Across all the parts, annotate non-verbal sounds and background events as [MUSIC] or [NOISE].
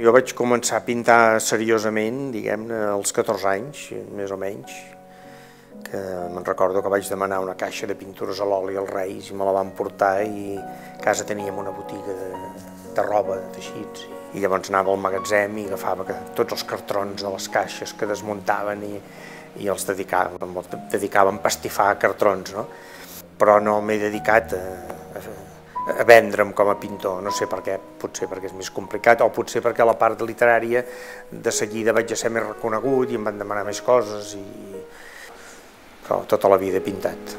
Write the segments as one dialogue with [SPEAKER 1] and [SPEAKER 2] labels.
[SPEAKER 1] Jo vaig començar a pintar seriosament, diguem-ne, als 14 anys, més o menys, que me'n recordo que vaig demanar una caixa de pintures a l'oli als Reis i me la van portar i a casa teníem una botiga de, de roba, de teixits, i llavors anava al magatzem i agafava que, tots els cartrons de les caixes que desmuntaven i, i els dedicava, dedicava pastifar empastifar cartrons, no? Però no m'he dedicat a, a a vendre'm com a pintor, no sé per què, potser perquè és més complicat o potser perquè la part literària de seguida vaig a ser més reconegut i em van demanar més coses i... però oh, tota la vida he pintat.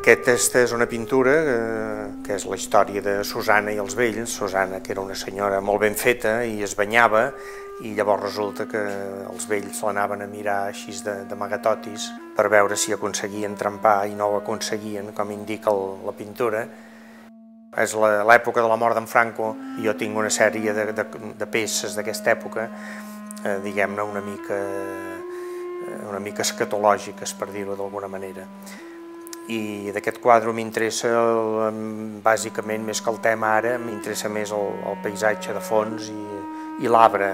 [SPEAKER 1] Aquesta és una pintura que eh, que és la història de Susana i els vells. Susana, que era una senyora molt ben feta i es banyava, i llavors resulta que els vells l'anaven a mirar així de, de magatotis per veure si aconseguien trempar i no ho aconseguien, com indica el, la pintura. És l'època de la mort d'en Franco, i jo tinc una sèrie de, de, de peces d'aquesta època, eh, diguem-ne una mica eh, una mica escatològiques, per dir-ho d'alguna manera i d'aquest quadre m'interessa bàsicament més que el tema ara, m'interessa més el, el paisatge de fons i, i l'arbre.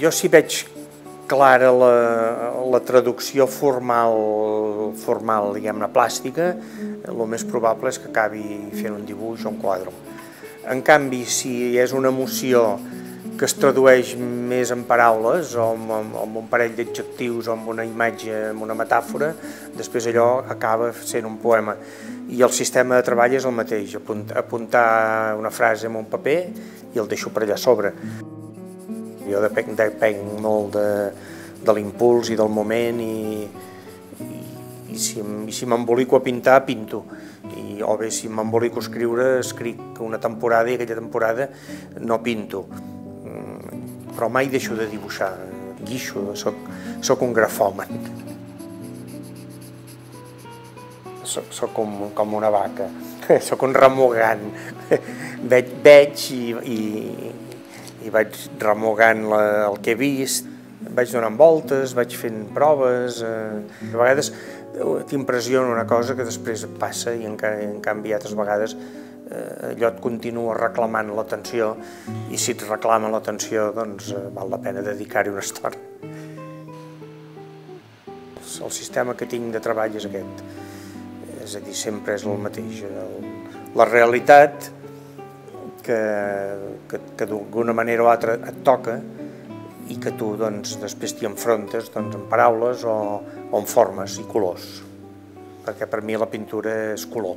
[SPEAKER 1] Jo si veig clara la, la traducció formal, formal diguem-ne, plàstica, el més probable és que acabi fent un dibuix o un quadre. En canvi, si és una emoció que es tradueix més en paraules o amb, amb, amb un parell d'adjectius o amb una imatge, amb una metàfora, després allò acaba sent un poema. I el sistema de treball és el mateix, apuntar una frase en un paper i el deixo per allà a sobre. Jo depenc, depenc molt de, de l'impuls i del moment i, i, i si, si m'embolico a pintar, pinto. I, o bé, si m'embolico a escriure, escric una temporada i aquella temporada no pinto. Mm, però mai deixo de dibuixar, guixo, soc, soc un grafòmen. Soc, soc com, com una vaca, soc [LAUGHS] un remugant. Veig, veig i, i, i vaig remugant la, el que he vist, vaig donant voltes, vaig fent proves, eh, a vegades t'impressiona una cosa que després et passa i en, en canvi altres vegades eh, allò et continua reclamant l'atenció i si et reclama l'atenció doncs eh, val la pena dedicar-hi una estona. El sistema que tinc de treball és aquest, és a dir, sempre és el mateix. El, la realitat que, que, que d'alguna manera o altra et toca i que tu doncs, després t'hi enfrontes doncs, en paraules o, o en formes i colors, perquè per mi la pintura és color.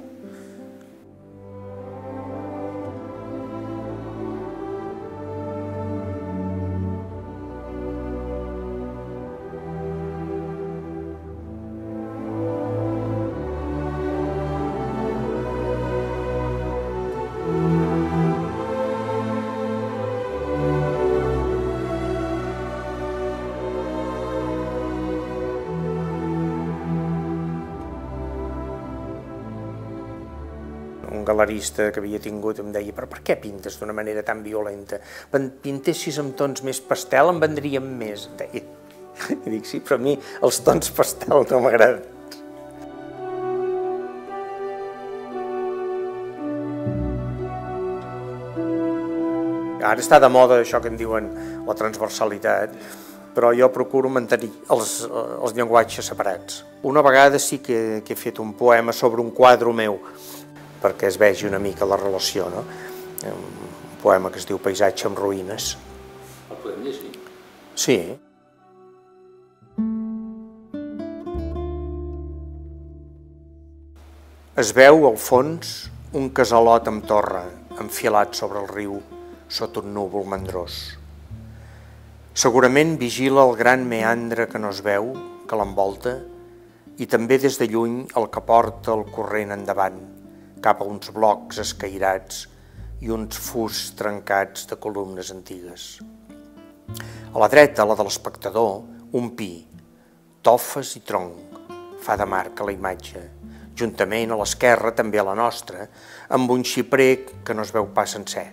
[SPEAKER 1] galerista que havia tingut em deia però per què pintes d'una manera tan violenta? Pintessis amb tons més pastel em vendríem més, deia. I dic, sí, però a mi els tons pastel no m'agraden. Ara està de moda això que en diuen la transversalitat, però jo procuro mantenir els, eh, els llenguatges separats. Una vegada sí que, que he fet un poema sobre un quadre meu, perquè es vegi una mica la relació. No? Un poema que es diu Paisatge amb ruïnes. El podem llegir? Sí. Es veu al fons un casalot amb torre, enfilat sobre el riu, sota un núvol mandrós. Segurament vigila el gran meandre que no es veu, que l'envolta, i també des de lluny el que porta el corrent endavant, cap a uns blocs escairats i uns fus trencats de columnes antigues. A la dreta, la de l'espectador, un pi, tofes i tronc, fa de marca la imatge, juntament a l'esquerra, també a la nostra, amb un xiprer que no es veu pas sencer.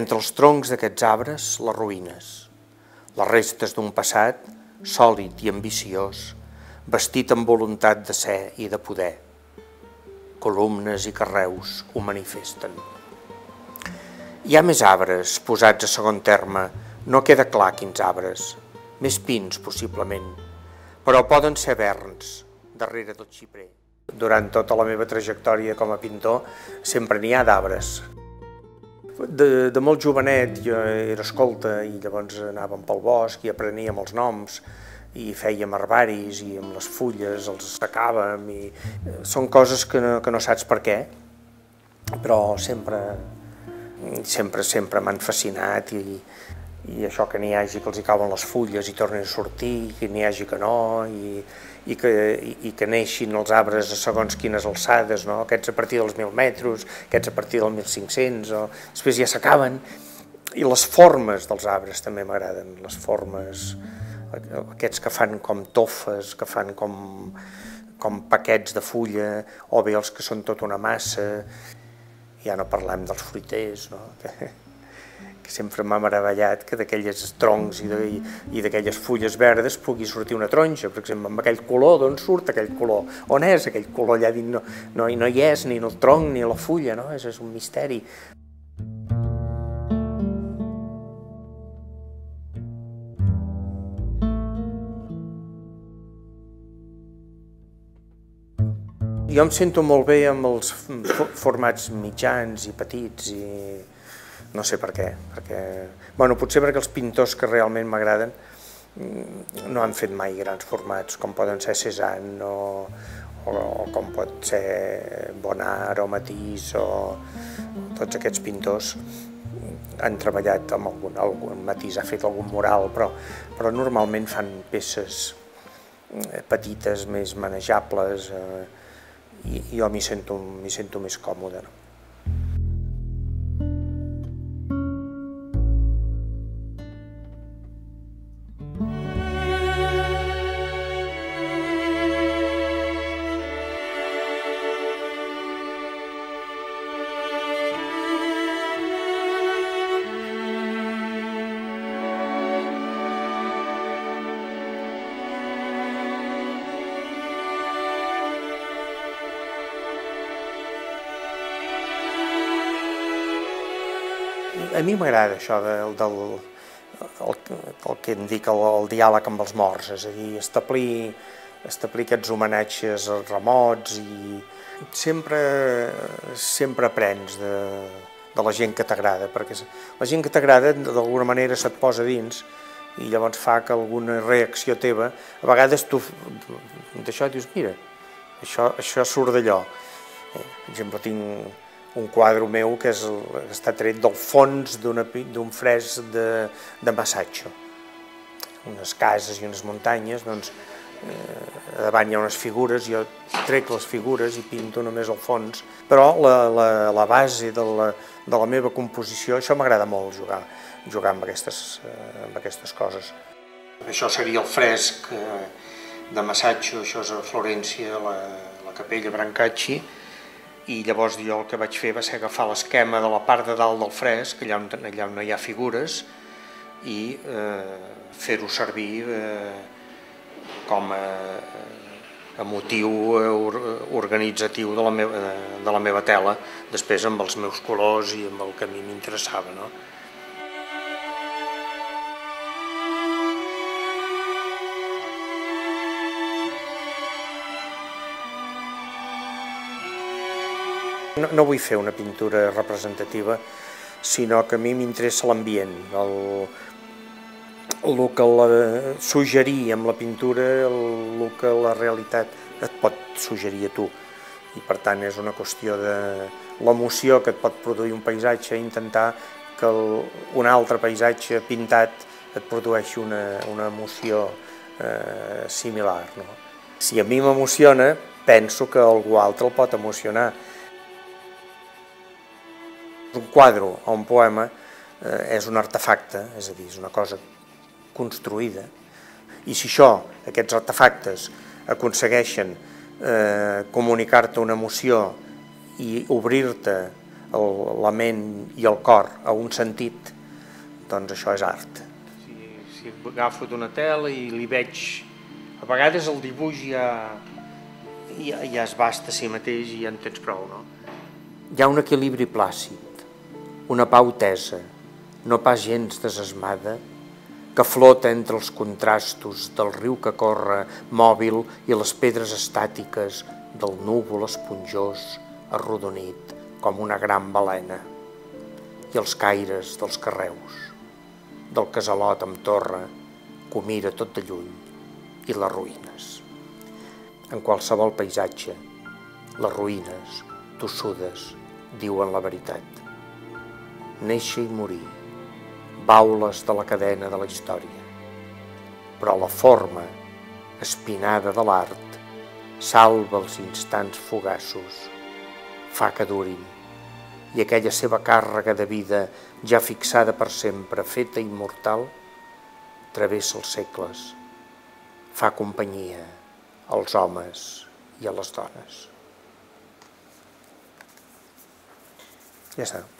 [SPEAKER 1] Entre els troncs d'aquests arbres, les ruïnes, les restes d'un passat sòlid i ambiciós, vestit amb voluntat de ser i de poder columnes i carreus ho manifesten. Hi ha més arbres posats a segon terme, no queda clar quins arbres, més pins possiblement, però poden ser verns darrere del xiprer. Durant tota la meva trajectòria com a pintor sempre n'hi ha d'arbres. De, de molt jovenet jo era escolta i llavors anàvem pel bosc i apreníem els noms i fèiem herbaris i amb les fulles els assecàvem i eh, són coses que no, que no saps per què, però sempre, sempre, sempre m'han fascinat i, i això que n'hi hagi que els hi cauen les fulles i tornen a sortir, que n'hi hagi que no, i, i, que, i, i que neixin els arbres a segons quines alçades, no? aquests a partir dels 1.000 metres, aquests a partir dels 1.500, o... després ja s'acaben. I les formes dels arbres també m'agraden, les formes aquests que fan com tofes, que fan com, com paquets de fulla, o bé els que són tota una massa, ja no parlem dels fruiters, no? [LAUGHS] que, que sempre m'ha meravellat que d'aquelles troncs i, de, i d'aquelles fulles verdes pugui sortir una taronja, per exemple, amb aquell color, d'on surt aquell color? On és aquell color? Allà dins no, no, no hi és ni el tronc ni la fulla, no? és, és un misteri. jo em sento molt bé amb els formats mitjans i petits i no sé per què, perquè, bueno, potser perquè els pintors que realment m'agraden mm, no han fet mai grans formats, com poden ser Cézanne o, o, o com pot ser Bonnard o Matisse o tots aquests pintors mm, han treballat amb algun, algun Matisse ha fet algun mural, però, però normalment fan peces eh, petites, més manejables, eh, Yo jo m'hi sento, sento més mi m'agrada això del, del el, el que indica el, el diàleg amb els morts, és a dir, establir, establir aquests homenatges remots i sempre, sempre aprens de, de la gent que t'agrada, perquè la gent que t'agrada d'alguna manera se't posa dins i llavors fa que alguna reacció teva, a vegades tu d'això dius, mira, això, això surt d'allò. Eh, per exemple, tinc, un quadre meu que, és, està tret del fons d'un fresc de, de Massatxo. Unes cases i unes muntanyes, doncs, eh, davant hi ha unes figures, jo trec les figures i pinto només el fons, però la, la, la base de la, de la meva composició, això m'agrada molt jugar, jugar amb aquestes, eh, amb aquestes coses. Això seria el fresc eh, de Massatxo, això és a Florència, la, la capella Brancacci, i llavors jo el que vaig fer va ser agafar l'esquema de la part de dalt del fresc, allà on, allà on no hi ha figures, i eh, fer-ho servir eh, com a, a motiu eh, organitzatiu de la, meva, de la meva tela, després amb els meus colors i amb el que a mi m'interessava. No? No, no vull fer una pintura representativa, sinó que a mi m'interessa l'ambient, el, el que la suggerir amb la pintura, el, el que la realitat et pot suggerir a tu. I per tant és una qüestió de l'emoció que et pot produir un paisatge, intentar que el, un altre paisatge pintat et produeixi una, una emoció eh, similar. No? Si a mi m'emociona, penso que algú altre el pot emocionar un quadre o un poema eh, és un artefacte, és a dir, és una cosa construïda, i si això, aquests artefactes, aconsegueixen eh, comunicar-te una emoció i obrir-te la ment i el cor a un sentit, doncs això és art. Si, si agafo d'una tela i li veig... A vegades el dibuix ja, ja, ja es basta a si mateix i ja en tens prou, no? Hi ha un equilibri plàcid una pau tesa, no pas gens desesmada, que flota entre els contrastos del riu que corre mòbil i les pedres estàtiques del núvol esponjós arrodonit com una gran balena i els caires dels carreus, del casalot amb torre que mira tot de lluny i les ruïnes. En qualsevol paisatge, les ruïnes, tossudes, diuen la veritat néixer i morir, baules de la cadena de la història. Però la forma, espinada de l'art, salva els instants fugassos, fa que durin, i aquella seva càrrega de vida ja fixada per sempre, feta immortal, travessa els segles, fa companyia als homes i a les dones. Ja està.